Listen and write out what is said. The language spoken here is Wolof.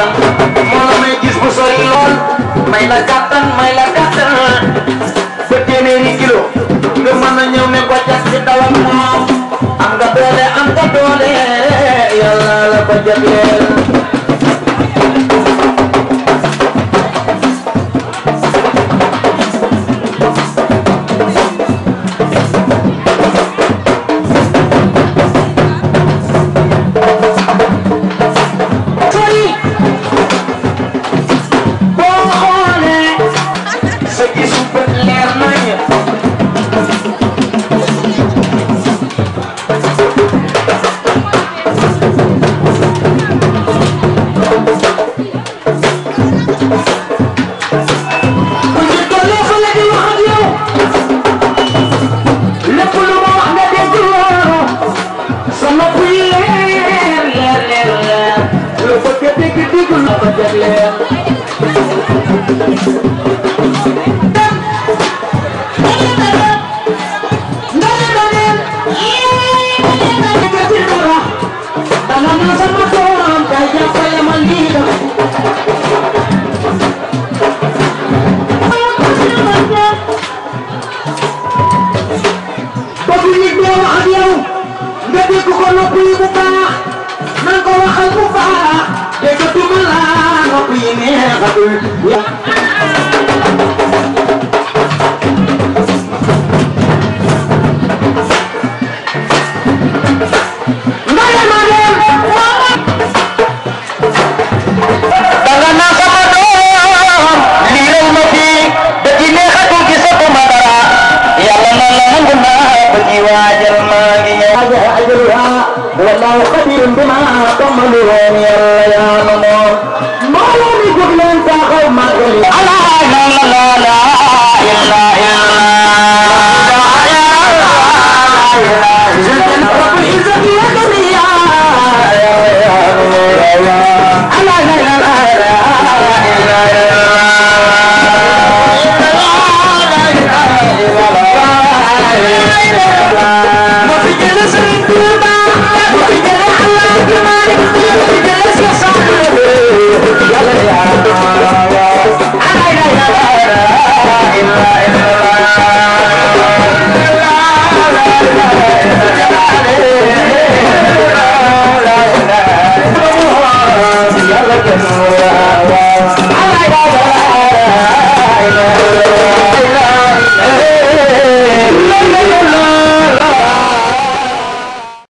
la moo la may gis bu sori lool may la kàttan may la kàttan ba téeméeri kilo nga mën a ñëw ne ko jag ci ndaw ak moom am nga doole am nga doole yàlla la ko jagleel Jadi ku Nang kau akan buka Dia ketumala والله خبير بما تعملون يا ريان أهلا فخوما على هذا